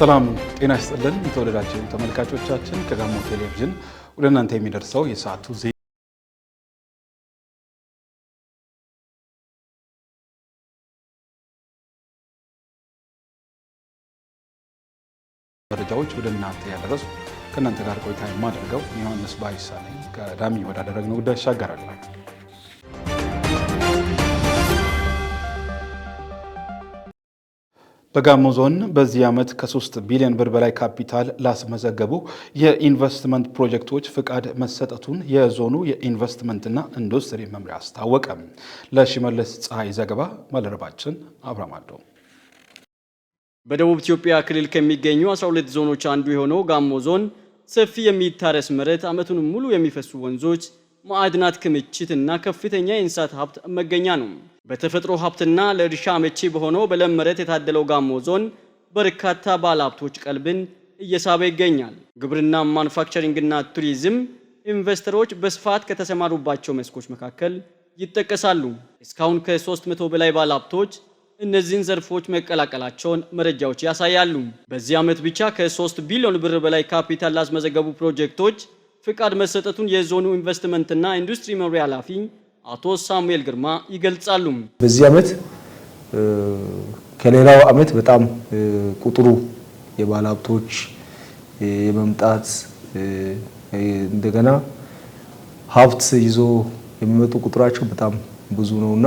ሰላም ጤና ይስጥልን። የተወደዳችሁ ተመልካቾቻችን ከጋሞ ቴሌቪዥን ወደ እናንተ የሚደርሰው የሰዓቱ ዜ መረጃዎች ወደ እናንተ ያደረሱ ከእናንተ ጋር ቆይታ የማደርገው ዮሐንስ ባይሳ ነኝ። ቀዳሚ ወዳደረግነው ጉዳይ ይሻገራል። በጋሞ ዞን በዚህ ዓመት ከ3 ቢሊዮን ብር በላይ ካፒታል ላስመዘገቡ የኢንቨስትመንት ፕሮጀክቶች ፍቃድ መሰጠቱን የዞኑ የኢንቨስትመንትና ኢንዱስትሪ መምሪያ አስታወቀ። ለሽመለስ ፀሐይ ዘገባ ባልደረባችን አብረማዶ። በደቡብ ኢትዮጵያ ክልል ከሚገኙ 12 ዞኖች አንዱ የሆነው ጋሞ ዞን ሰፊ የሚታረስ መሬት፣ ዓመቱን ሙሉ የሚፈሱ ወንዞች፣ ማዕድናት ክምችት እና ከፍተኛ የእንስሳት ሀብት መገኛ ነው። በተፈጥሮ ሀብትና ለእርሻ አመቺ በሆነው በለም መሬት የታደለው ጋሞ ዞን በርካታ ባለሀብቶች ቀልብን እየሳበ ይገኛል። ግብርና፣ ማኑፋክቸሪንግና ቱሪዝም ኢንቨስተሮች በስፋት ከተሰማሩባቸው መስኮች መካከል ይጠቀሳሉ። እስካሁን ከ300 በላይ ባለሀብቶች እነዚህን ዘርፎች መቀላቀላቸውን መረጃዎች ያሳያሉ። በዚህ ዓመት ብቻ ከ3 ቢሊዮን ብር በላይ ካፒታል ላስመዘገቡ ፕሮጀክቶች ፍቃድ መሰጠቱን የዞኑ ኢንቨስትመንትና ኢንዱስትሪ መምሪያ ኃላፊ አቶ ሳሙኤል ግርማ ይገልጻሉ። በዚህ ዓመት ከሌላው ዓመት በጣም ቁጥሩ የባለ ሀብቶች የመምጣት እንደገና ሀብት ይዞ የሚመጡ ቁጥራቸው በጣም ብዙ ነውና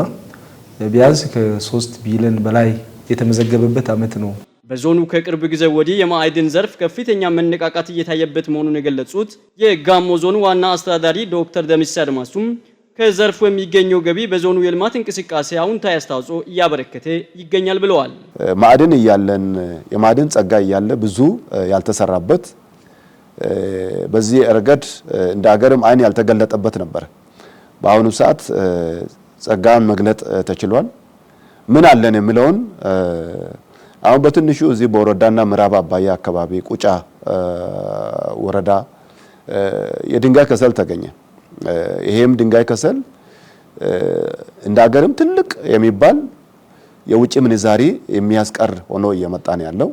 ቢያንስ ከሶስት ቢሊዮን በላይ የተመዘገበበት ዓመት ነው። በዞኑ ከቅርብ ጊዜ ወዲህ የማዕድን ዘርፍ ከፍተኛ መነቃቃት እየታየበት መሆኑን የገለጹት የጋሞ ዞኑ ዋና አስተዳዳሪ ዶክተር ደምስ አድማሱም ከዘርፉ የሚገኘው ገቢ በዞኑ የልማት እንቅስቃሴ አሁን አስተዋጽኦ እያበረከተ ይገኛል ብለዋል። ማዕድን እያለን የማዕድን ጸጋ እያለ ብዙ ያልተሰራበት በዚህ ረገድ እንደ ሀገርም ዓይን ያልተገለጠበት ነበር። በአሁኑ ሰዓት ጸጋን መግለጥ ተችሏል። ምን አለን የሚለውን አሁን በትንሹ እዚህ በወረዳና ምዕራብ አባያ አካባቢ ቁጫ ወረዳ የድንጋይ ከሰል ተገኘ። ይሄም ድንጋይ ከሰል እንደ ሀገርም ትልቅ የሚባል የውጭ ምንዛሪ የሚያስቀር ሆኖ እየመጣ ነው ያለው።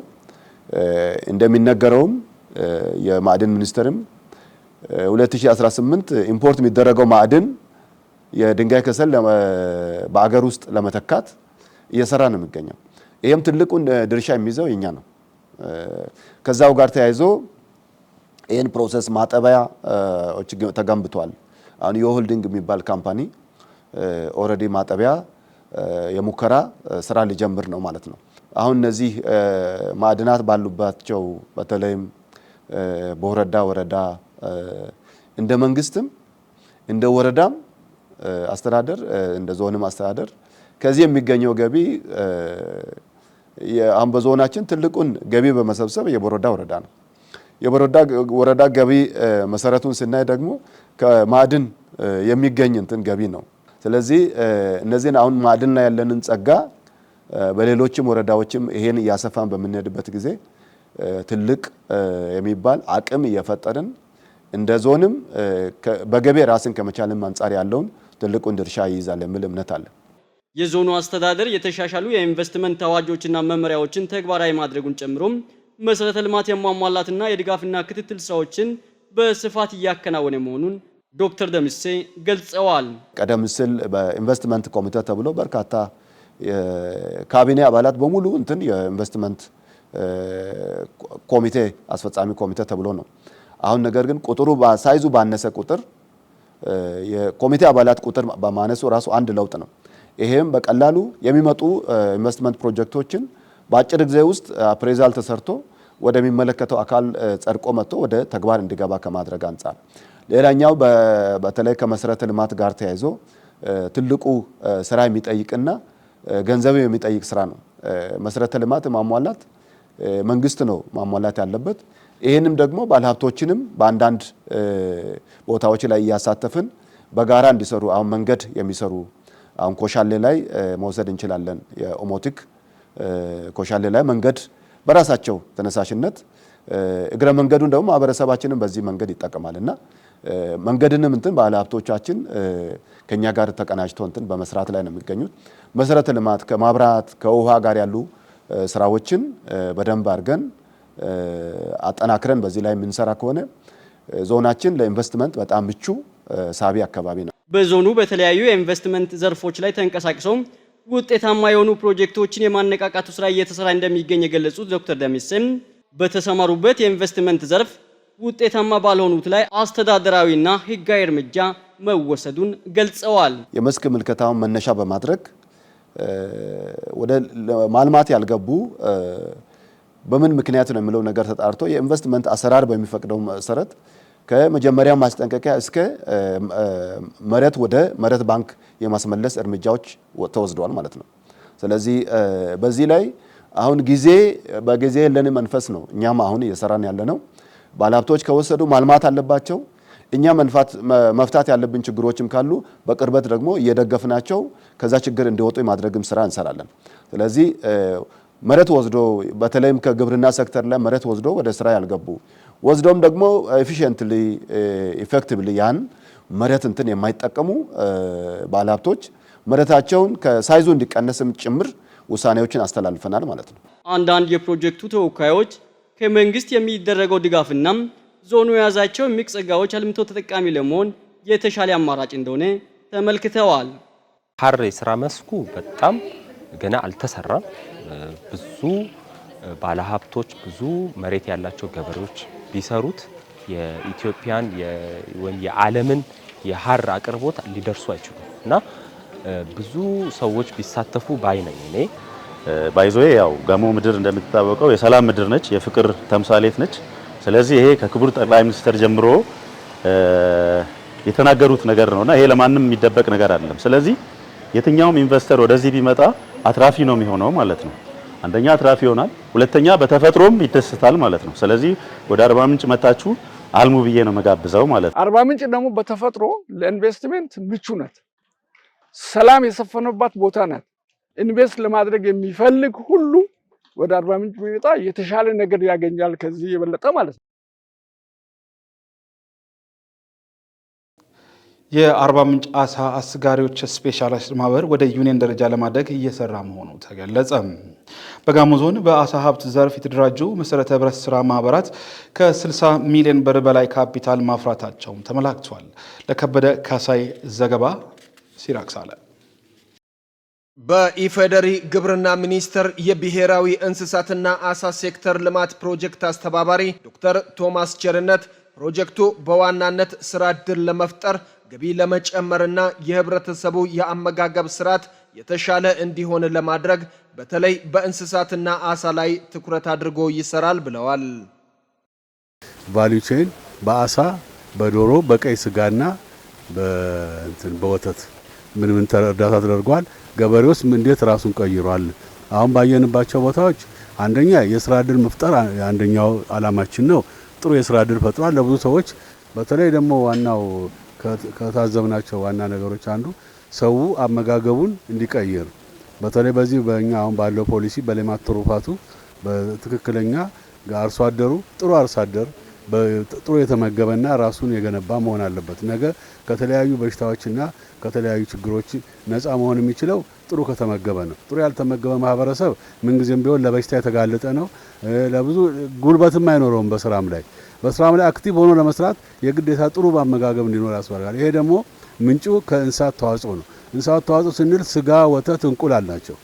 እንደሚነገረውም የማዕድን ሚኒስቴርም 2018 ኢምፖርት የሚደረገው ማዕድን የድንጋይ ከሰል በአገር ውስጥ ለመተካት እየሰራ ነው የሚገኘው። ይህም ትልቁን ድርሻ የሚይዘው የኛ ነው። ከዛው ጋር ተያይዞ ይህን ፕሮሰስ ማጠቢያዎች ተገንብቷል። አሁን የሆልዲንግ የሚባል ካምፓኒ ኦልሬዲ ማጠቢያ የሙከራ ስራ ሊጀምር ነው ማለት ነው። አሁን እነዚህ ማዕድናት ባሉባቸው በተለይም በወረዳ ወረዳ እንደ መንግስትም እንደ ወረዳም አስተዳደር እንደ ዞንም አስተዳደር ከዚህ የሚገኘው ገቢ አሁን በዞናችን ትልቁን ገቢ በመሰብሰብ የቦረዳ ወረዳ ነው። የወረዳ ገቢ መሰረቱን ስናይ ደግሞ ከማዕድን የሚገኝ እንትን ገቢ ነው። ስለዚህ እነዚህን አሁን ማዕድን ላይ ያለንን ጸጋ በሌሎችም ወረዳዎችም ይሄን እያሰፋን በምንሄድበት ጊዜ ትልቅ የሚባል አቅም እየፈጠርን እንደ ዞንም በገቢ ራስን ከመቻልም አንጻር ያለውን ትልቁን ድርሻ ይይዛል የሚል እምነት አለ። የዞኑ አስተዳደር የተሻሻሉ የኢንቨስትመንት አዋጆችና መመሪያዎችን ተግባራዊ ማድረጉን ጨምሮም መሰረተ ልማት የማሟላትና የድጋፍና ክትትል ስራዎችን በስፋት እያከናወነ መሆኑን ዶክተር ደምሴ ገልጸዋል። ቀደም ሲል በኢንቨስትመንት ኮሚቴ ተብሎ በርካታ የካቢኔ አባላት በሙሉ እንትን የኢንቨስትመንት ኮሚቴ አስፈጻሚ ኮሚቴ ተብሎ ነው። አሁን ነገር ግን ቁጥሩ ሳይዙ ባነሰ ቁጥር የኮሚቴ አባላት ቁጥር በማነሱ ራሱ አንድ ለውጥ ነው። ይሄም በቀላሉ የሚመጡ ኢንቨስትመንት ፕሮጀክቶችን በአጭር ጊዜ ውስጥ አፕሬዛል ተሰርቶ ወደሚመለከተው አካል ጸድቆ መጥቶ ወደ ተግባር እንዲገባ ከማድረግ አንጻር፣ ሌላኛው በተለይ ከመሰረተ ልማት ጋር ተያይዞ ትልቁ ስራ የሚጠይቅና ገንዘብ የሚጠይቅ ስራ ነው። መሰረተ ልማት ማሟላት መንግስት ነው ማሟላት ያለበት። ይህንም ደግሞ ባለሀብቶችንም በአንዳንድ ቦታዎች ላይ እያሳተፍን በጋራ እንዲሰሩ አሁን መንገድ የሚሰሩ አሁን ኮሻሌ ላይ መውሰድ እንችላለን። የኦሞቲክ ኮሻሌ ላይ መንገድ በራሳቸው ተነሳሽነት እግረ መንገዱን ደግሞ ማህበረሰባችንን በዚህ መንገድ ይጠቀማል እና መንገድንም እንትን ባለሀብቶቻችን ከኛ ጋር ተቀናጅቶ እንትን በመስራት ላይ ነው የሚገኙት። መሰረተ ልማት ከማብራት ከውሃ ጋር ያሉ ስራዎችን በደንብ አድርገን አጠናክረን በዚህ ላይ የምንሰራ ከሆነ ዞናችን ለኢንቨስትመንት በጣም ምቹ ሳቢ አካባቢ ነው። በዞኑ በተለያዩ የኢንቨስትመንት ዘርፎች ላይ ተንቀሳቅሰው ውጤታማ የሆኑ ፕሮጀክቶችን የማነቃቃቱ ስራ እየተሰራ እንደሚገኝ የገለጹት ዶክተር ደምስም በተሰማሩበት የኢንቨስትመንት ዘርፍ ውጤታማ ባልሆኑት ላይ አስተዳደራዊና ሕጋዊ እርምጃ መወሰዱን ገልጸዋል። የመስክ ምልከታውን መነሻ በማድረግ ወደ ማልማት ያልገቡ በምን ምክንያት ነው የሚለው ነገር ተጣርቶ የኢንቨስትመንት አሰራር በሚፈቅደው መሰረት ከመጀመሪያው ማስጠንቀቂያ እስከ መሬት ወደ መሬት ባንክ የማስመለስ እርምጃዎች ተወስደዋል ማለት ነው። ስለዚህ በዚህ ላይ አሁን ጊዜ በጊዜ የለን መንፈስ ነው እኛም አሁን እየሰራን ያለ ነው። ባለሀብቶች ከወሰዱ ማልማት አለባቸው። እኛ መፍታት ያለብን ችግሮችም ካሉ በቅርበት ደግሞ እየደገፍናቸው ከዛ ችግር እንዲወጡ የማድረግም ስራ እንሰራለን። ስለዚህ መሬት ወስዶ በተለይም ከግብርና ሴክተር ላይ መሬት ወስዶ ወደ ስራ ያልገቡ ወዝዶም ደግሞ ኤፊሽንትሊ ኢፌክቲቭሊ eh, ያን መሬት እንትን የማይጠቀሙ eh, ባለሀብቶች መሬታቸውን ከሳይዙ እንዲቀነስም ጭምር ውሳኔዎችን አስተላልፈናል ማለት ነው። አንዳንድ የፕሮጀክቱ ተወካዮች ከመንግስት የሚደረገው ድጋፍና ዞኑ የያዛቸው የሚቅ ጸጋዎች አልምቶ ተጠቃሚ ለመሆን የተሻለ አማራጭ እንደሆነ ተመልክተዋል። ሀር የስራ መስኩ በጣም ገና አልተሰራም። ብዙ ባለሀብቶች፣ ብዙ መሬት ያላቸው ገበሬዎች ቢሰሩት የኢትዮጵያን ወይም የዓለምን የሀር አቅርቦት ሊደርሱ አይችሉም እና ብዙ ሰዎች ቢሳተፉ ባይ ነኝ እኔ። ባይዞዬ ያው ጋሞ ምድር እንደምትታወቀው የሰላም ምድር ነች፣ የፍቅር ተምሳሌት ነች። ስለዚህ ይሄ ከክቡር ጠቅላይ ሚኒስትር ጀምሮ የተናገሩት ነገር ነው እና ይሄ ለማንም የሚደበቅ ነገር አይደለም። ስለዚህ የትኛውም ኢንቨስተር ወደዚህ ቢመጣ አትራፊ ነው የሚሆነው ማለት ነው። አንደኛ አትራፊ ይሆናል፣ ሁለተኛ በተፈጥሮም ይደሰታል ማለት ነው። ስለዚህ ወደ አርባ ምንጭ መታችሁ አልሙ ብዬ ነው መጋብዘው ማለት ነው። አርባ ምንጭ ደግሞ በተፈጥሮ ለኢንቨስትመንት ምቹ ናት። ሰላም የሰፈነባት ቦታ ናት። ኢንቨስት ለማድረግ የሚፈልግ ሁሉ ወደ አርባ ምንጭ የሚመጣ የተሻለ ነገር ያገኛል ከዚህ የበለጠ ማለት ነው። የአርባ ምንጭ አሳ አስጋሪዎች ስፔሻላይስት ማህበር ወደ ዩኒየን ደረጃ ለማደግ እየሰራ መሆኑ ተገለጸ። በጋሞ ዞን በአሳ ሀብት ዘርፍ የተደራጁ መሰረተ ህብረት ስራ ማህበራት ከ60 ሚሊዮን ብር በላይ ካፒታል ማፍራታቸውም ተመላክቷል። ለከበደ ካሳይ ዘገባ ሲራክ ሳለ በኢፌዴሪ ግብርና ሚኒስቴር የብሔራዊ እንስሳትና አሳ ሴክተር ልማት ፕሮጀክት አስተባባሪ ዶክተር ቶማስ ቸርነት ፕሮጀክቱ በዋናነት ስራ ዕድል ለመፍጠር ገቢ ለመጨመርና የህብረተሰቡ የአመጋገብ ስርዓት የተሻለ እንዲሆን ለማድረግ በተለይ በእንስሳትና አሳ ላይ ትኩረት አድርጎ ይሰራል ብለዋል። ቫሊዩ ቼን በአሳ በዶሮ በቀይ ስጋና በወተት ምን ምን እርዳታ ተደርጓል? ገበሬውስ እንዴት ራሱን ቀይሯል? አሁን ባየንባቸው ቦታዎች አንደኛ የስራ እድል መፍጠር አንደኛው አላማችን ነው። ጥሩ የስራ እድል ፈጥሯል ለብዙ ሰዎች። በተለይ ደግሞ ዋናው ከታዘብናቸው ዋና ነገሮች አንዱ ሰው አመጋገቡን እንዲቀይር በተለይ በዚህ በእኛ አሁን ባለው ፖሊሲ በሌማት ትሩፋቱ በትክክለኛ አርሶ አደሩ ጥሩ አርሶ አደር ጥሩ የተመገበና ራሱን የገነባ መሆን አለበት። ነገ ከተለያዩ በሽታዎችና ከተለያዩ ችግሮች ነፃ መሆን የሚችለው ጥሩ ከተመገበ ነው። ጥሩ ያልተመገበ ማህበረሰብ ምንጊዜም ቢሆን ለበሽታ የተጋለጠ ነው። ለብዙ ጉልበትም አይኖረውም በስራም ላይ በስራም ላይ አክቲቭ ሆኖ ለመስራት የግዴታ ጥሩ በአመጋገብ እንዲኖር ያስፈልጋል። ይሄ ደግሞ ምንጩ ከእንስሳት ተዋጽኦ ነው። እንስሳት ተዋጽኦ ስንል ስጋ፣ ወተት፣ እንቁላል ናቸው።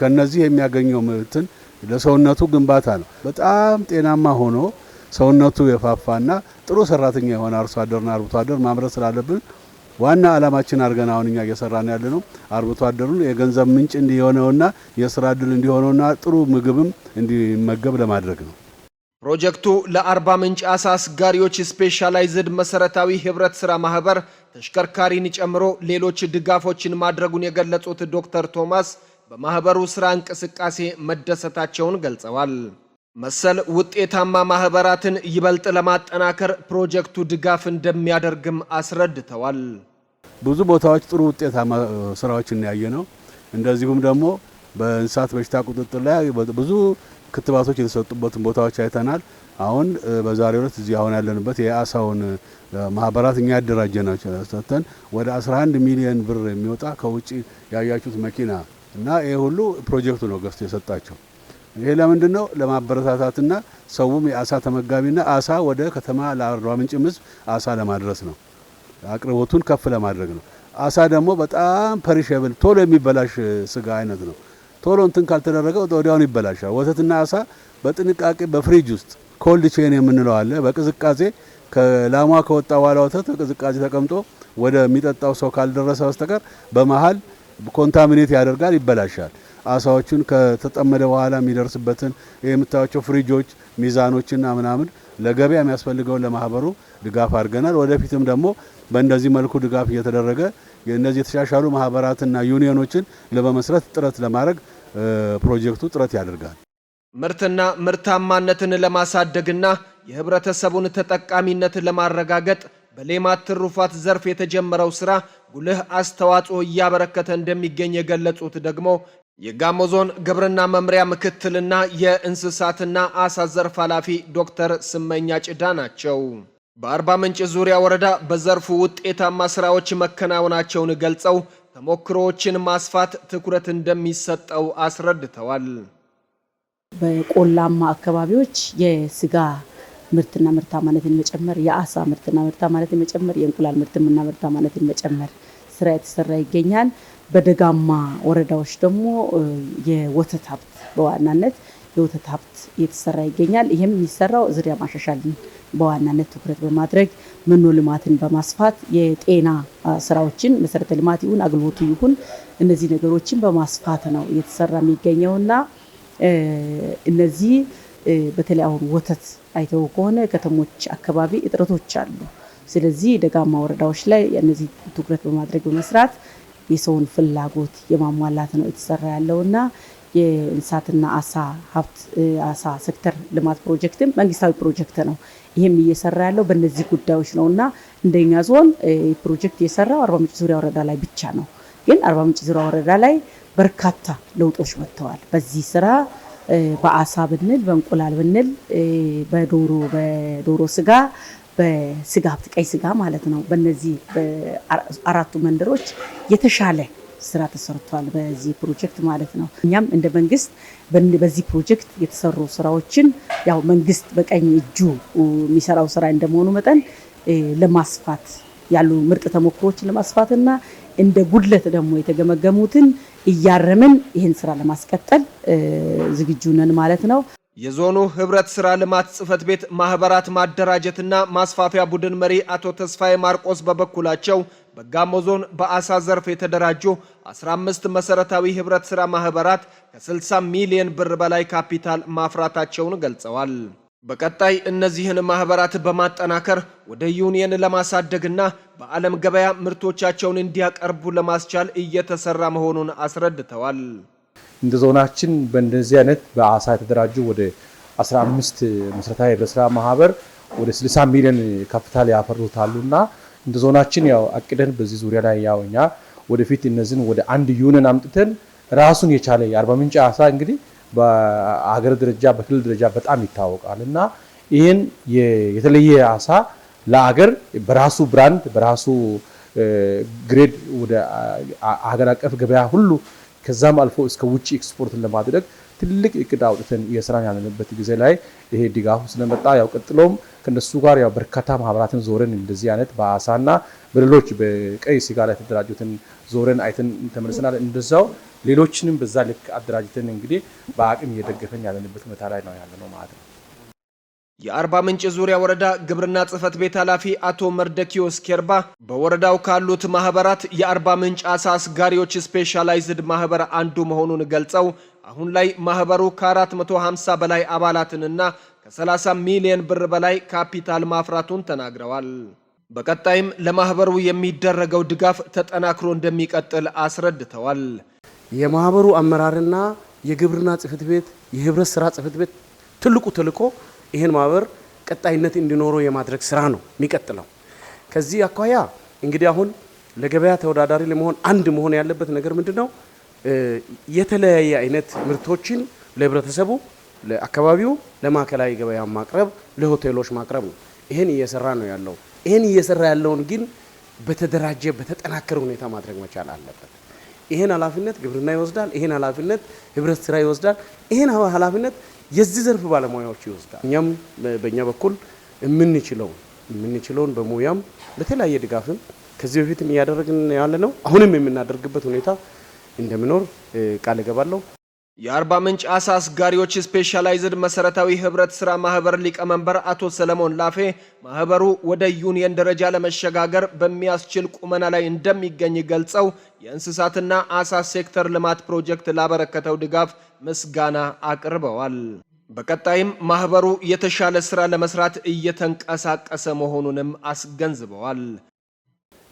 ከነዚህ የሚያገኘው ምርትን ለሰውነቱ ግንባታ ነው። በጣም ጤናማ ሆኖ ሰውነቱ የፋፋና ጥሩ ሰራተኛ የሆነ አርሶ አደርና አርብቶ አደር ማምረት ስላለብን ዋና ዓላማችን አድርገን አሁን እኛ እየሰራን ያለ ነው። አርብቶ አደሩን የገንዘብ ምንጭ እንዲሆነውና የስራ እድል እንዲሆነውና ጥሩ ምግብም እንዲመገብ ለማድረግ ነው። ፕሮጀክቱ ለአርባ ምንጭ አሳ አስጋሪዎች ስፔሻላይዝድ መሰረታዊ ህብረት ስራ ማህበር ተሽከርካሪን ጨምሮ ሌሎች ድጋፎችን ማድረጉን የገለጹት ዶክተር ቶማስ በማህበሩ ስራ እንቅስቃሴ መደሰታቸውን ገልጸዋል። መሰል ውጤታማ ማህበራትን ይበልጥ ለማጠናከር ፕሮጀክቱ ድጋፍ እንደሚያደርግም አስረድተዋል። ብዙ ቦታዎች ጥሩ ውጤታማ ስራዎች እናያየ ነው። እንደዚሁም ደግሞ በእንስሳት በሽታ ቁጥጥር ላይ ብዙ ክትባቶች የተሰጡበትን ቦታዎች አይተናል። አሁን በዛሬው ዕለት እዚህ አሁን ያለንበት የአሳውን ማህበራት እኛ ያደራጀ ናቸው ሰጥተን ወደ 11 ሚሊዮን ብር የሚወጣ ከውጭ ያያችሁት መኪና እና ይሄ ሁሉ ፕሮጀክቱ ነው ገዝቶ የሰጣቸው። ይሄ ለምንድን ነው? ለማበረታታትና ሰውም የአሳ ተመጋቢና አሳ ወደ ከተማ ለአርባ ምንጭ ምዝብ አሳ ለማድረስ ነው። አቅርቦቱን ከፍ ለማድረግ ነው። አሳ ደግሞ በጣም ፐሪሸብል ቶሎ የሚበላሽ ስጋ አይነት ነው። ቶሎ እንትን ካልተደረገ ወዲያውን ይበላሻል። ወተትና አሳ በጥንቃቄ በፍሪጅ ውስጥ ኮልድ ቼን የምንለው አለ። በቅዝቃዜ ከላሟ ከወጣ በኋላ ወተት በቅዝቃዜ ተቀምጦ ወደ ሚጠጣው ሰው ካልደረሰ በስተቀር በመሀል ኮንታሚኔት ያደርጋል፣ ይበላሻል። አሳዎቹን ከተጠመደ በኋላ የሚደርስበትን የምታዩቸው ፍሪጆች፣ ሚዛኖችና ምናምን ለገበያ የሚያስፈልገውን ለማህበሩ ድጋፍ አድርገናል። ወደፊትም ደግሞ በእንደዚህ መልኩ ድጋፍ እየተደረገ እነዚህ የተሻሻሉ ማህበራትና ዩኒዮኖችን ለመመስረት ጥረት ለማድረግ ፕሮጀክቱ ጥረት ያደርጋል። ምርትና ምርታማነትን ለማሳደግና የህብረተሰቡን ተጠቃሚነት ለማረጋገጥ በሌማት ትሩፋት ዘርፍ የተጀመረው ስራ ጉልህ አስተዋጽኦ እያበረከተ እንደሚገኝ የገለጹት ደግሞ የጋሞ ዞን ግብርና መምሪያ ምክትልና የእንስሳትና አሳ ዘርፍ ኃላፊ ዶክተር ስመኛ ጭዳ ናቸው። በአርባ ምንጭ ዙሪያ ወረዳ በዘርፉ ውጤታማ ስራዎች መከናወናቸውን ገልጸው ተሞክሮዎችን ማስፋት ትኩረት እንደሚሰጠው አስረድተዋል። በቆላማ አካባቢዎች የስጋ ምርትና ምርታማነትን መጨመር፣ የአሳ ምርትና ምርታማነትን መጨመር፣ የእንቁላል ምርትና ምርታማነትን መጨመር ስራ የተሰራ ይገኛል። በደጋማ ወረዳዎች ደግሞ የወተት ሀብት በዋናነት የወተት ሀብት የተሰራ ይገኛል። ይህም የሚሰራው ዝርያ ማሻሻልን በዋናነት ትኩረት በማድረግ መኖ ልማትን በማስፋት የጤና ስራዎችን መሰረተ ልማት ይሁን አግልቦቱ ይሁን እነዚህ ነገሮችን በማስፋት ነው እየተሰራ የሚገኘውና እነዚህ በተለይ አሁን ወተት አይተው ከሆነ ከተሞች አካባቢ እጥረቶች አሉ። ስለዚህ ደጋማ ወረዳዎች ላይ እነዚህ ትኩረት በማድረግ በመስራት የሰውን ፍላጎት የማሟላት ነው የተሰራ ያለውና የእንስሳትና አሳ ሀብት አሳ ሴክተር ልማት ፕሮጀክትም መንግስታዊ ፕሮጀክት ነው። ይህም እየሰራ ያለው በእነዚህ ጉዳዮች ነው እና እንደኛ ዞን ፕሮጀክት የሰራው አርባ ምንጭ ዙሪያ ወረዳ ላይ ብቻ ነው። ግን አርባ ምንጭ ዙሪያ ወረዳ ላይ በርካታ ለውጦች መጥተዋል። በዚህ ስራ በአሳ ብንል፣ በእንቁላል ብንል፣ በዶሮ በዶሮ ስጋ በስጋ ሀብት ቀይ ስጋ ማለት ነው። በነዚህ አራቱ መንደሮች የተሻለ ስራ ተሰርቷል፣ በዚህ ፕሮጀክት ማለት ነው። እኛም እንደ መንግስት በዚህ ፕሮጀክት የተሰሩ ስራዎችን ያው መንግስት በቀኝ እጁ የሚሰራው ስራ እንደመሆኑ መጠን ለማስፋት ያሉ ምርጥ ተሞክሮችን ለማስፋትና እንደ ጉድለት ደግሞ የተገመገሙትን እያረምን ይህን ስራ ለማስቀጠል ዝግጁ ነን ማለት ነው። የዞኑ ህብረት ስራ ልማት ጽህፈት ቤት ማህበራት ማደራጀትና ማስፋፊያ ቡድን መሪ አቶ ተስፋዬ ማርቆስ በበኩላቸው በጋሞ ዞን በአሳ ዘርፍ የተደራጁ 15 መሰረታዊ ህብረት ሥራ ማህበራት ከ60 ሚሊዮን ብር በላይ ካፒታል ማፍራታቸውን ገልጸዋል። በቀጣይ እነዚህን ማህበራት በማጠናከር ወደ ዩኒየን ለማሳደግና በዓለም ገበያ ምርቶቻቸውን እንዲያቀርቡ ለማስቻል እየተሰራ መሆኑን አስረድተዋል። እንደ ዞናችን በእንደዚህ አይነት በአሳ የተደራጁ ወደ 15 መሰረታዊ ህብረት ስራ ማህበር ወደ 60 ሚሊዮን ካፒታል ያፈሩታሉና እንደ ዞናችን ያው አቅደን በዚህ ዙሪያ ላይ ያው እኛ ወደፊት እነዚህን ወደ አንድ ዩኒን አምጥተን ራሱን የቻለ የአርባ ምንጭ አሳ እንግዲህ በአገር ደረጃ በክልል ደረጃ በጣም ይታወቃል እና ይህን የተለየ አሳ ለአገር በራሱ ብራንድ በራሱ ግሬድ ወደ አገር አቀፍ ገበያ ሁሉ ከዛም አልፎ እስከ ውጭ ኤክስፖርት ለማድረግ ትልቅ እቅድ አውጥተን እየሰራን ያለንበት ጊዜ ላይ ይሄ ድጋፉ ስለመጣ ያው ቀጥሎም ከነሱ ጋር ያው በርካታ ማህበራትን ዞረን እንደዚህ አይነት በአሳና በሌሎች በቀይ ስጋ ላይ የተደራጁትን ዞረን አይተን ተመልሰናል። እንደዛው ሌሎችንም በዛ ልክ አደራጅተን እንግዲህ በአቅም እየደገፈን ያለንበት ሁኔታ ላይ ነው ያለነው ማለት ነው። የአርባ ምንጭ ዙሪያ ወረዳ ግብርና ጽህፈት ቤት ኃላፊ አቶ መርደኪዮስ ኬርባ በወረዳው ካሉት ማህበራት የአርባ ምንጭ አሳ አስጋሪዎች ስፔሻላይዝድ ማህበር አንዱ መሆኑን ገልጸው አሁን ላይ ማህበሩ ከ450 በላይ አባላትንና ከ30 ሚሊዮን ብር በላይ ካፒታል ማፍራቱን ተናግረዋል። በቀጣይም ለማህበሩ የሚደረገው ድጋፍ ተጠናክሮ እንደሚቀጥል አስረድተዋል። የማህበሩ አመራርና የግብርና ጽህፈት ቤት የህብረት ስራ ጽህፈት ቤት ትልቁ ተልዕኮ ይህን ማህበር ቀጣይነት እንዲኖረው የማድረግ ስራ ነው የሚቀጥለው። ከዚህ አኳያ እንግዲህ አሁን ለገበያ ተወዳዳሪ ለመሆን አንድ መሆን ያለበት ነገር ምንድን ነው? የተለያየ አይነት ምርቶችን ለህብረተሰቡ፣ ለአካባቢው፣ ለማዕከላዊ ገበያ ማቅረብ፣ ለሆቴሎች ማቅረብ ነው። ይህን እየሰራ ነው ያለው። ይህን እየሰራ ያለውን ግን በተደራጀ በተጠናከረ ሁኔታ ማድረግ መቻል አለበት። ይህን ኃላፊነት ግብርና ይወስዳል። ይህን ኃላፊነት ህብረት ስራ ይወስዳል። ይህን ኃላፊነት የዚህ ዘርፍ ባለሙያዎች ይወስዳል። እኛም በእኛ በኩል የምንችለውን የምንችለውን በሙያም በተለያየ ድጋፍም ከዚህ በፊትም እያደረግን ያለ ነው። አሁንም የምናደርግበት ሁኔታ እንደምኖር ቃል እገባለሁ። የአርባ ምንጭ አሳ አስጋሪዎች ስፔሻላይዝድ መሰረታዊ ህብረት ስራ ማህበር ሊቀመንበር አቶ ሰለሞን ላፌ ማህበሩ ወደ ዩኒየን ደረጃ ለመሸጋገር በሚያስችል ቁመና ላይ እንደሚገኝ ገልጸው የእንስሳትና አሳ ሴክተር ልማት ፕሮጀክት ላበረከተው ድጋፍ ምስጋና አቅርበዋል። በቀጣይም ማህበሩ የተሻለ ስራ ለመስራት እየተንቀሳቀሰ መሆኑንም አስገንዝበዋል።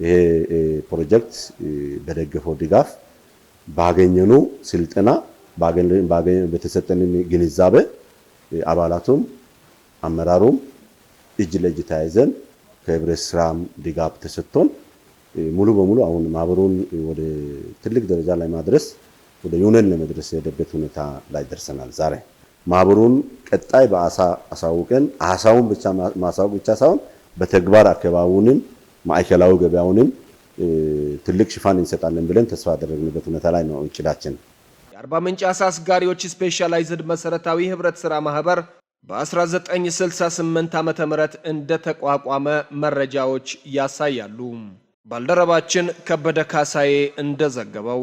ይሄ ፕሮጀክት በደገፈው ድጋፍ ባገኘኑ ስልጠና በተሰጠን ግንዛቤ አባላቱም አመራሩም እጅ ለእጅ ተያይዘን ከህብረት ስራም ድጋፍ ተሰጥቶን ሙሉ በሙሉ አሁን ማህበሩን ወደ ትልቅ ደረጃ ላይ ማድረስ ወደ ዩነን ለመድረስ የሄደበት ሁኔታ ላይ ደርሰናል። ዛሬ ማህበሩን ቀጣይ በአሳ አሳውቀን አሳውን ብቻ ማሳወቅ ብቻ ሳይሆን በተግባር አካባቢውንም ማዕከላዊ ገበያውንም ትልቅ ሽፋን እንሰጣለን ብለን ተስፋ ያደረግንበት ሁኔታ ላይ ነው። እንችላችን የአርባ ምንጭ አሳ አስጋሪዎች ስፔሻላይዝድ መሰረታዊ ህብረት ሥራ ማህበር በ1968 ዓ ም እንደተቋቋመ መረጃዎች ያሳያሉ። ባልደረባችን ከበደ ካሳዬ እንደዘገበው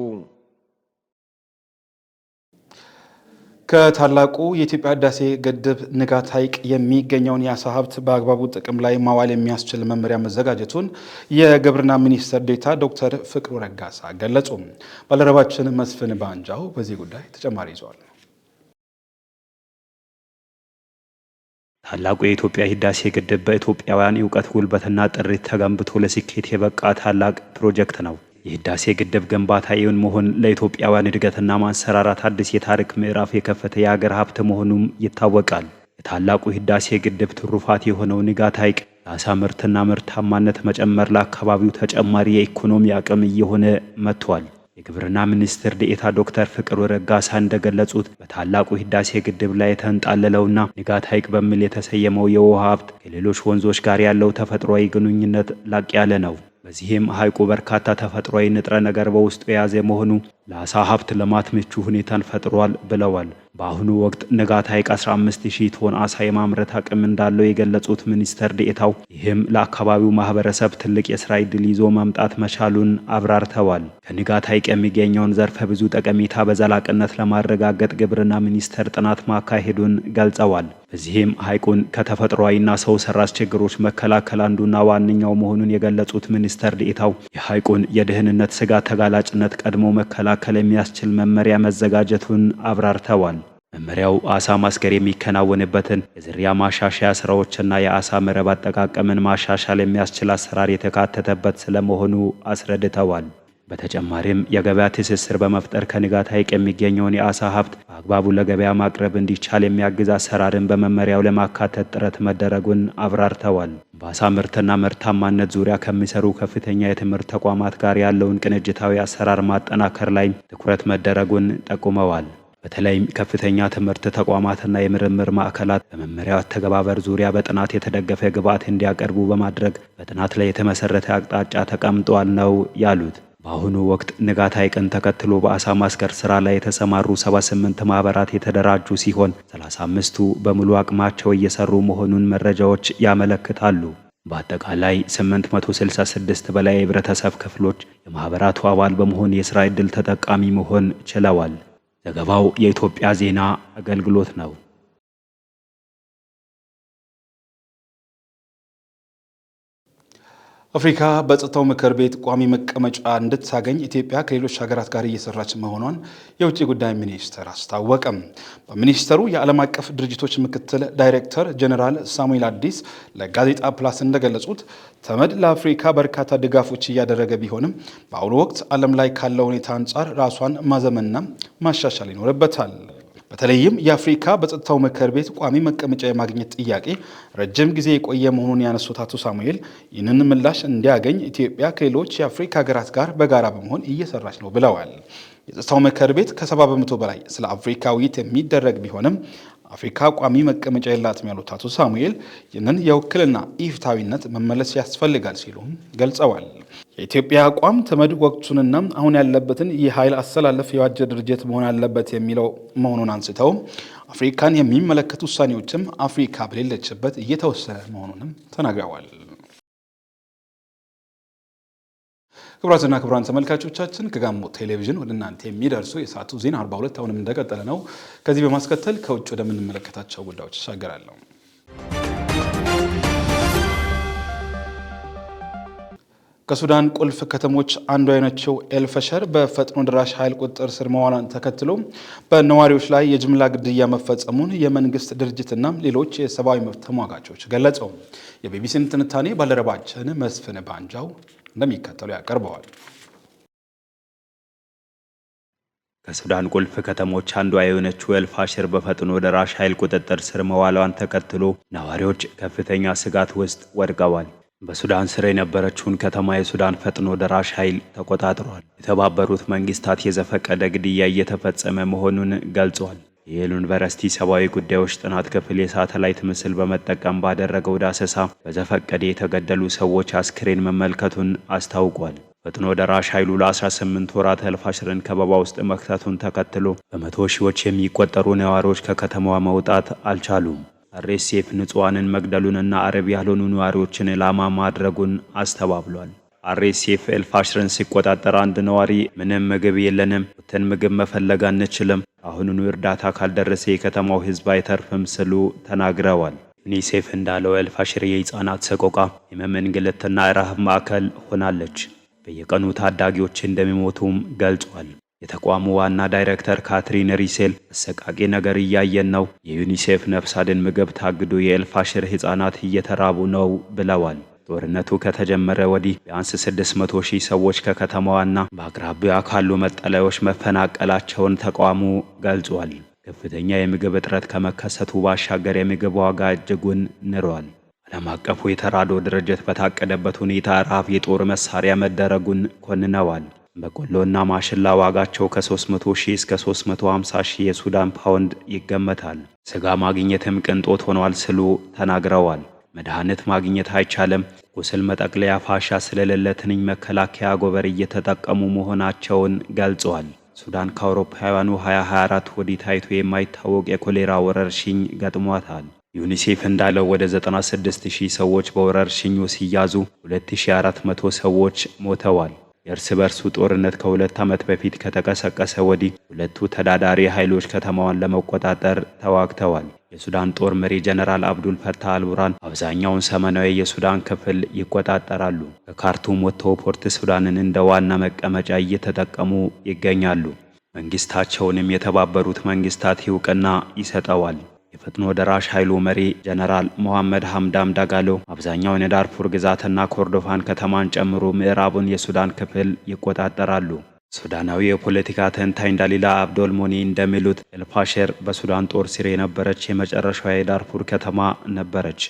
ከታላቁ የኢትዮጵያ ህዳሴ ግድብ ንጋት ሐይቅ የሚገኘውን የአሳ ሀብት በአግባቡ ጥቅም ላይ ማዋል የሚያስችል መመሪያ መዘጋጀቱን የግብርና ሚኒስትር ዴኤታ ዶክተር ፍቅሩ ረጋሳ ገለጹ። ባልደረባችን መስፍን በአንጃው በዚህ ጉዳይ ተጨማሪ ይዟል። ታላቁ የኢትዮጵያ ህዳሴ ግድብ በኢትዮጵያውያን እውቀት፣ ጉልበትና ጥሪት ተገንብቶ ለስኬት የበቃ ታላቅ ፕሮጀክት ነው። የህዳሴ ግድብ ግንባታ እውን መሆን ለኢትዮጵያውያን እድገትና ማንሰራራት አዲስ የታሪክ ምዕራፍ የከፈተ የሀገር ሀብት መሆኑም ይታወቃል። የታላቁ ህዳሴ ግድብ ትሩፋት የሆነው ንጋት ሐይቅ ለአሳ ምርትና ምርታማነት መጨመር ለአካባቢው ተጨማሪ የኢኮኖሚ አቅም እየሆነ መጥቷል። የግብርና ሚኒስትር ዴኤታ ዶክተር ፍቅሩ ረጋሳ እንደገለጹት በታላቁ ህዳሴ ግድብ ላይ የተንጣለለውና ንጋት ሐይቅ በሚል የተሰየመው የውሃ ሀብት ከሌሎች ወንዞች ጋር ያለው ተፈጥሯዊ ግንኙነት ላቅ ያለ ነው። በዚህም ሐይቁ በርካታ ተፈጥሯዊ ንጥረ ነገር በውስጡ የያዘ መሆኑ ለአሳ ሀብት ልማት ምቹ ሁኔታን ፈጥሯል ብለዋል። በአሁኑ ወቅት ንጋት ሐይቅ 15 ሺህ ቶን አሳ የማምረት አቅም እንዳለው የገለጹት ሚኒስተር ዴኤታው ይህም ለአካባቢው ማህበረሰብ ትልቅ የስራ ዕድል ይዞ መምጣት መቻሉን አብራርተዋል። ከንጋት ሐይቅ የሚገኘውን ዘርፈ ብዙ ጠቀሜታ በዘላቅነት ለማረጋገጥ ግብርና ሚኒስቴር ጥናት ማካሄዱን ገልጸዋል። በዚህም ሐይቁን ከተፈጥሯዊና ሰው ሰራሽ ችግሮች መከላከል አንዱና ዋነኛው መሆኑን የገለጹት ሚኒስተር ዴኤታው የሐይቁን የደህንነት ስጋት ተጋላጭነት ቀድሞ መከላከል ለመከላከል የሚያስችል መመሪያ መዘጋጀቱን አብራርተዋል። መመሪያው አሳ ማስገር የሚከናወንበትን የዝርያ ማሻሻያ ስራዎችና የአሳ መረብ አጠቃቀምን ማሻሻል የሚያስችል አሰራር የተካተተበት ስለመሆኑ አስረድተዋል። በተጨማሪም የገበያ ትስስር በመፍጠር ከንጋት ሐይቅ የሚገኘውን የአሳ ሀብት በአግባቡ ለገበያ ማቅረብ እንዲቻል የሚያግዝ አሰራርን በመመሪያው ለማካተት ጥረት መደረጉን አብራርተዋል። በአሳ ምርትና ምርታማነት ዙሪያ ከሚሰሩ ከፍተኛ የትምህርት ተቋማት ጋር ያለውን ቅንጅታዊ አሰራር ማጠናከር ላይ ትኩረት መደረጉን ጠቁመዋል። በተለይም ከፍተኛ ትምህርት ተቋማትና የምርምር ማዕከላት በመመሪያው አተገባበር ዙሪያ በጥናት የተደገፈ ግብዓት እንዲያቀርቡ በማድረግ በጥናት ላይ የተመሰረተ አቅጣጫ ተቀምጧል ነው ያሉት። በአሁኑ ወቅት ንጋት ሐይቅን ተከትሎ በአሳ ማስገር ስራ ላይ የተሰማሩ 78 ማህበራት የተደራጁ ሲሆን 35ቱ በሙሉ አቅማቸው እየሰሩ መሆኑን መረጃዎች ያመለክታሉ። በአጠቃላይ 866 በላይ የህብረተሰብ ክፍሎች የማህበራቱ አባል በመሆን የስራ ዕድል ተጠቃሚ መሆን ችለዋል። ዘገባው የኢትዮጵያ ዜና አገልግሎት ነው። አፍሪካ በጸጥታው ምክር ቤት ቋሚ መቀመጫ እንድታገኝ ኢትዮጵያ ከሌሎች ሀገራት ጋር እየሰራች መሆኗን የውጭ ጉዳይ ሚኒስቴር አስታወቀም። በሚኒስቴሩ የዓለም አቀፍ ድርጅቶች ምክትል ዳይሬክተር ጀኔራል ሳሙኤል አዲስ ለጋዜጣ ፕላስ እንደገለጹት ተመድ ለአፍሪካ በርካታ ድጋፎች እያደረገ ቢሆንም በአሁኑ ወቅት ዓለም ላይ ካለው ሁኔታ አንጻር ራሷን ማዘመንና ማሻሻል ይኖርበታል። በተለይም የአፍሪካ በጸጥታው ምክር ቤት ቋሚ መቀመጫ የማግኘት ጥያቄ ረጅም ጊዜ የቆየ መሆኑን ያነሱት አቶ ሳሙኤል ይህንን ምላሽ እንዲያገኝ ኢትዮጵያ ከሌሎች የአፍሪካ ሀገራት ጋር በጋራ በመሆን እየሰራች ነው ብለዋል። የጸጥታው ምክር ቤት ከሰባ በመቶ በላይ ስለ አፍሪካ ውይይት የሚደረግ ቢሆንም አፍሪካ ቋሚ መቀመጫ የላትም ያሉት አቶ ሳሙኤል ይህንን የውክልና ኢፍታዊነት መመለስ ያስፈልጋል ሲሉም ገልጸዋል። የኢትዮጵያ አቋም ተመድ ወቅቱንና አሁን ያለበትን የኃይል አሰላለፍ የዋጀ ድርጅት መሆን አለበት የሚለው መሆኑን አንስተው አፍሪካን የሚመለከቱ ውሳኔዎችም አፍሪካ በሌለችበት እየተወሰነ መሆኑንም ተናግረዋል። ክቡራትና ክቡራን ተመልካቾቻችን ከጋሞ ቴሌቪዥን ወደ እናንተ የሚደርሱ የሰዓቱ ዜና 42 አሁንም እንደቀጠለ ነው። ከዚህ በማስከተል ከውጭ ወደምንመለከታቸው ጉዳዮች ይሻገራለሁ። ከሱዳን ቁልፍ ከተሞች አንዷ የሆነችው ኤልፈሸር በፈጥኖ ደራሽ ኃይል ቁጥጥር ስር መዋሏን ተከትሎ በነዋሪዎች ላይ የጅምላ ግድያ መፈጸሙን የመንግስት ድርጅትና ሌሎች የሰብአዊ መብት ተሟጋቾች ገለጸው የቢቢሲን ትንታኔ ባልደረባችን መስፍን ባንጃው እንደሚከተሉ ያቀርበዋል። ከሱዳን ቁልፍ ከተሞች አንዷ የሆነችው ኤልፋሽር በፈጥኖ ደራሽ ኃይል ቁጥጥር ስር መዋሏን ተከትሎ ነዋሪዎች ከፍተኛ ስጋት ውስጥ ወድቀዋል። በሱዳን ስር የነበረችውን ከተማ የሱዳን ፈጥኖ ደራሽ ኃይል ተቆጣጥሯል። የተባበሩት መንግስታት የዘፈቀደ ግድያ እየተፈጸመ መሆኑን ገልጿል። ዩኒቨርሲቲ ሰብአዊ ጉዳዮች ጥናት ክፍል የሳተላይት ምስል በመጠቀም ባደረገው ዳሰሳ በዘፈቀደ የተገደሉ ሰዎች አስክሬን መመልከቱን አስታውቋል። ፈጥኖ ደራሽ ኃይሉ ለ18 ወራት አልፋሽርን ከበባ ውስጥ መክተቱን ተከትሎ በመቶ ሺዎች የሚቆጠሩ ነዋሪዎች ከከተማዋ መውጣት አልቻሉም። አርኤስኤፍ ንጹዋንን፣ መግደሉንና አረብ ያልሆኑ ነዋሪዎችን ዕላማ ማድረጉን አስተባብሏል። አርኤስኤፍ ኤልፋሽርን ሲቆጣጠር አንድ ነዋሪ ምንም ምግብ የለንም፣ ወተን ምግብ መፈለግ አንችልም፣ አሁኑኑ እርዳታ ካልደረሰ የከተማው ሕዝብ አይተርፍም ስሉ ተናግረዋል። ዩኒሴፍ እንዳለው ኤልፋሽር የሕፃናት ሰቆቃ፣ ሕመም፣ እንግልትና ረሃብ ማዕከል ሆናለች። በየቀኑ ታዳጊዎች እንደሚሞቱም ገልጿል። የተቋሙ ዋና ዳይሬክተር ካትሪን ሪሴል አሰቃቂ ነገር እያየን ነው። የዩኒሴፍ ነፍስ አድን ምግብ ታግዶ የኤልፋሽር ሕፃናት እየተራቡ ነው ብለዋል። ጦርነቱ ከተጀመረ ወዲህ ቢያንስ 600 ሺህ ሰዎች ከከተማዋና በአቅራቢያ ካሉ መጠለያዎች መፈናቀላቸውን ተቋሙ ገልጿል። ከፍተኛ የምግብ እጥረት ከመከሰቱ ባሻገር የምግብ ዋጋ እጅጉን ንሯል። ዓለም አቀፉ የተራድኦ ድርጅት በታቀደበት ሁኔታ ረሃብ የጦር መሳሪያ መደረጉን ኮንነዋል። በቆሎና ማሽላ ዋጋቸው ከ300 ሺህ እስከ 350 ሺህ የሱዳን ፓውንድ ይገመታል። ስጋ ማግኘትም ቅንጦት ሆኗል ስሉ ተናግረዋል። መድኃኒት ማግኘት አይቻልም፣ ቁስል መጠቅለያ ፋሻ ስለሌለ ትንኝ መከላከያ ጎበር እየተጠቀሙ መሆናቸውን ገልጿል። ሱዳን ከአውሮፓውያኑ 2024 ወዲህ ታይቶ የማይታወቅ የኮሌራ ወረርሽኝ ገጥሟታል። ዩኒሴፍ እንዳለው ወደ 96 ሺህ ሰዎች በወረርሽኙ ሲያዙ 2400 ሰዎች ሞተዋል። የእርስ በርሱ ጦርነት ከሁለት ዓመት በፊት ከተቀሰቀሰ ወዲህ ሁለቱ ተዳዳሪ ኃይሎች ከተማዋን ለመቆጣጠር ተዋግተዋል። የሱዳን ጦር መሪ ጀነራል አብዱል ፈታህ አልቡራን አብዛኛውን ሰሜናዊ የሱዳን ክፍል ይቆጣጠራሉ። ከካርቱም ወጥተው ፖርት ሱዳንን እንደ ዋና መቀመጫ እየተጠቀሙ ይገኛሉ። መንግስታቸውንም የተባበሩት መንግስታት ይውቅና ይሰጠዋል። የፈጥኖ ደራሽ ኃይሉ መሪ ጀነራል ሞሐመድ ሐምዳም ዳጋሎ አብዛኛውን የዳርፉር ግዛትና ኮርዶፋን ከተማን ጨምሮ ምዕራቡን የሱዳን ክፍል ይቆጣጠራሉ። ሱዳናዊ የፖለቲካ ተንታኝ እንዳሊላ አብዶል ሞኒ እንደሚሉት ኤልፋሸር በሱዳን ጦር ስር የነበረች የመጨረሻዋ የዳርፉር ከተማ ነበረች።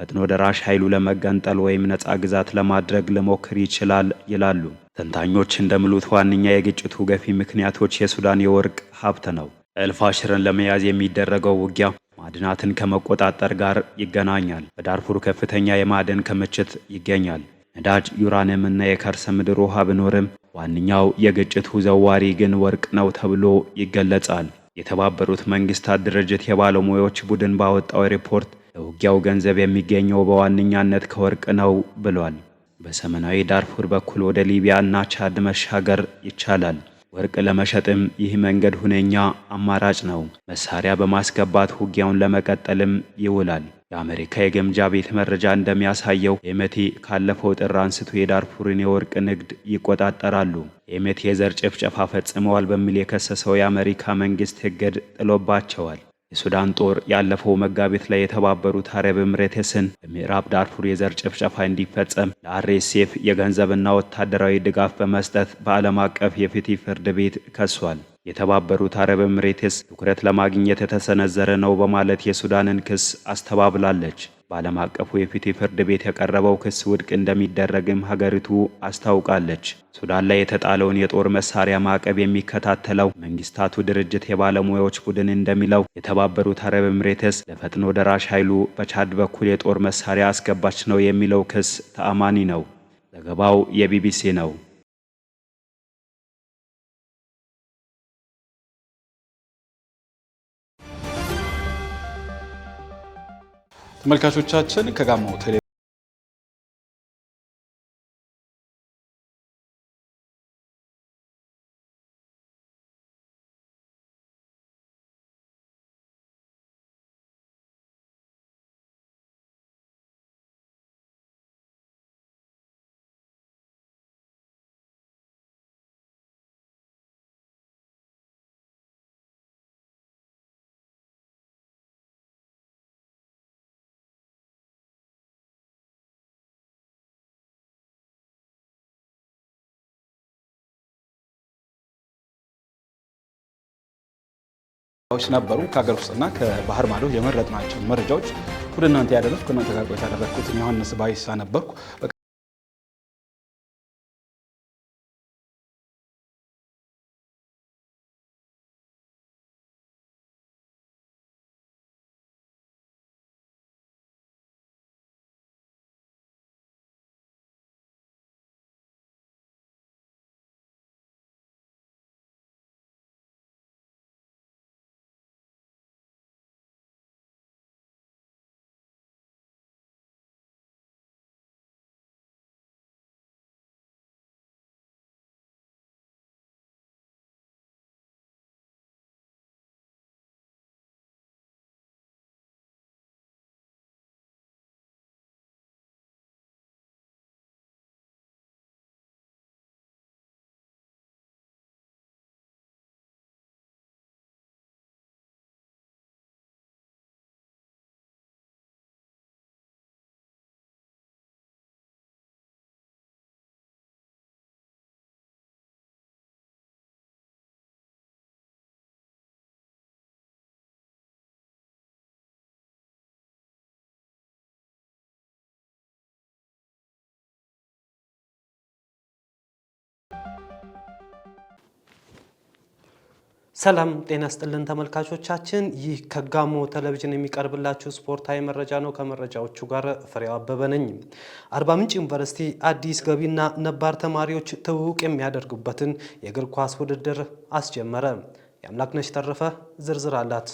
ፈጥኖ ደራሽ ኃይሉ ለመገንጠል ወይም ነፃ ግዛት ለማድረግ ሊሞክር ይችላል ይላሉ። ተንታኞች እንደሚሉት ዋነኛ የግጭቱ ገፊ ምክንያቶች የሱዳን የወርቅ ሀብት ነው። ኤልፋሽርን ለመያዝ የሚደረገው ውጊያ ማዕድናትን ከመቆጣጠር ጋር ይገናኛል። በዳርፉር ከፍተኛ የማዕድን ክምችት ይገኛል። ነዳጅ፣ ዩራኒየም እና የከርሰ ምድር ውሃ ቢኖርም ዋነኛው የግጭቱ ዘዋሪ ግን ወርቅ ነው ተብሎ ይገለጻል። የተባበሩት መንግስታት ድርጅት የባለሙያዎች ቡድን ባወጣው ሪፖርት ለውጊያው ገንዘብ የሚገኘው በዋነኛነት ከወርቅ ነው ብሏል። በሰሜናዊ ዳርፉር በኩል ወደ ሊቢያ እና ቻድ መሻገር ይቻላል። ወርቅ ለመሸጥም ይህ መንገድ ሁነኛ አማራጭ ነው። መሳሪያ በማስገባት ውጊያውን ለመቀጠልም ይውላል። የአሜሪካ የግምጃ ቤት መረጃ እንደሚያሳየው ኤምቲ ካለፈው ጥር አንስቶ የዳርፉርን የወርቅ ንግድ ይቆጣጠራሉ። ኤምቲ የዘር ጭፍጨፋ ፈጽመዋል በሚል የከሰሰው የአሜሪካ መንግስት እግድ ጥሎባቸዋል። የሱዳን ጦር ያለፈው መጋቢት ላይ የተባበሩት አረብ ኤምሬትስን በምዕራብ ዳርፉር የዘር ጭፍጨፋ እንዲፈጸም ለአርኤስኤፍ የገንዘብና ወታደራዊ ድጋፍ በመስጠት በዓለም አቀፍ የፍትህ ፍርድ ቤት ከሷል። የተባበሩት አረብ ኤምሬትስ ትኩረት ለማግኘት የተሰነዘረ ነው በማለት የሱዳንን ክስ አስተባብላለች። በዓለም አቀፉ የፍትህ ፍርድ ቤት የቀረበው ክስ ውድቅ እንደሚደረግም ሀገሪቱ አስታውቃለች። ሱዳን ላይ የተጣለውን የጦር መሳሪያ ማዕቀብ የሚከታተለው መንግስታቱ ድርጅት የባለሙያዎች ቡድን እንደሚለው የተባበሩት አረብ ኤምሬትስ ለፈጥኖ ደራሽ ኃይሉ በቻድ በኩል የጦር መሳሪያ አስገባች ነው የሚለው ክስ ተአማኒ ነው። ዘገባው የቢቢሲ ነው። ተመልካቾቻችን ከጋማ ሆቴል ዎች ነበሩ ከሀገር ውስጥና ከባህር ማዶ የመረጥናቸው መረጃዎች ወደ እናንተ ያደረስኩ ከእናንተ ጋር ቆይታ ያደረግኩት ዮሐንስ ባይሳ ነበርኩ። ሰላም ጤና ስጥልን ተመልካቾቻችን፣ ይህ ከጋሞ ቴሌቪዥን የሚቀርብላችሁ ስፖርታዊ መረጃ ነው። ከመረጃዎቹ ጋር ፍሬው አበበ ነኝ። አርባ ምንጭ ዩኒቨርሲቲ አዲስ ገቢና ነባር ተማሪዎች ትውውቅ የሚያደርጉበትን የእግር ኳስ ውድድር አስጀመረ። የአምላክነሽ ተረፈ ዝርዝር አላት።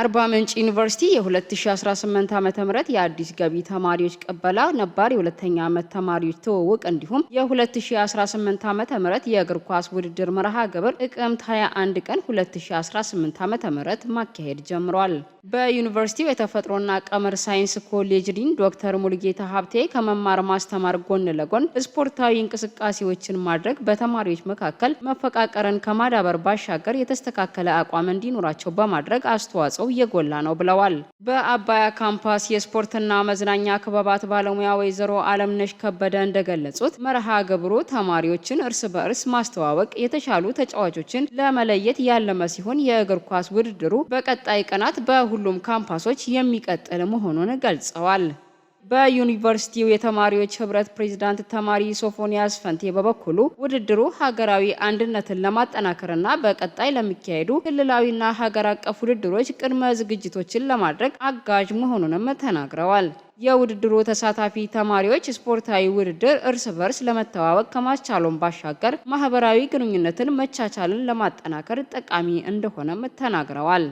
አርባ ምንጭ ዩኒቨርሲቲ የ2018 ዓ ም የአዲስ ገቢ ተማሪዎች ቀበላ ነባር የሁለተኛ ዓመት ተማሪዎች ትውውቅ እንዲሁም የ2018 ዓ ም የእግር ኳስ ውድድር መርሃ ግብር ጥቅምት 21 ቀን 2018 ዓ ም ማካሄድ ጀምሯል። በዩኒቨርሲቲው የተፈጥሮና ቀመር ሳይንስ ኮሌጅ ዲን ዶክተር ሙልጌታ ሀብቴ ከመማር ማስተማር ጎን ለጎን ስፖርታዊ እንቅስቃሴዎችን ማድረግ በተማሪዎች መካከል መፈቃቀርን ከማዳበር ባሻገር የተስተካከለ አቋም እንዲኖራቸው በማድረግ አስተዋጽኦ እየጎላ ነው ብለዋል። በአባያ ካምፓስ የስፖርትና መዝናኛ ክበባት ባለሙያ ወይዘሮ አለምነሽ ከበደ እንደገለጹት መርሃ ግብሩ ተማሪዎችን እርስ በእርስ ማስተዋወቅ፣ የተሻሉ ተጫዋቾችን ለመለየት ያለመ ሲሆን የእግር ኳስ ውድድሩ በቀጣይ ቀናት በሁሉም ካምፓሶች የሚቀጥል መሆኑን ገልጸዋል። በዩኒቨርሲቲው የተማሪዎች ህብረት ፕሬዚዳንት ተማሪ ሶፎንያስ ፈንቴ በበኩሉ ውድድሩ ሀገራዊ አንድነትን ለማጠናከርና በቀጣይ ለሚካሄዱ ክልላዊና ሀገር አቀፍ ውድድሮች ቅድመ ዝግጅቶችን ለማድረግ አጋዥ መሆኑንም ተናግረዋል። የውድድሩ ተሳታፊ ተማሪዎች ስፖርታዊ ውድድር እርስ በርስ ለመተዋወቅ ከማስቻሉን ባሻገር ማህበራዊ ግንኙነትን፣ መቻቻልን ለማጠናከር ጠቃሚ እንደሆነም ተናግረዋል።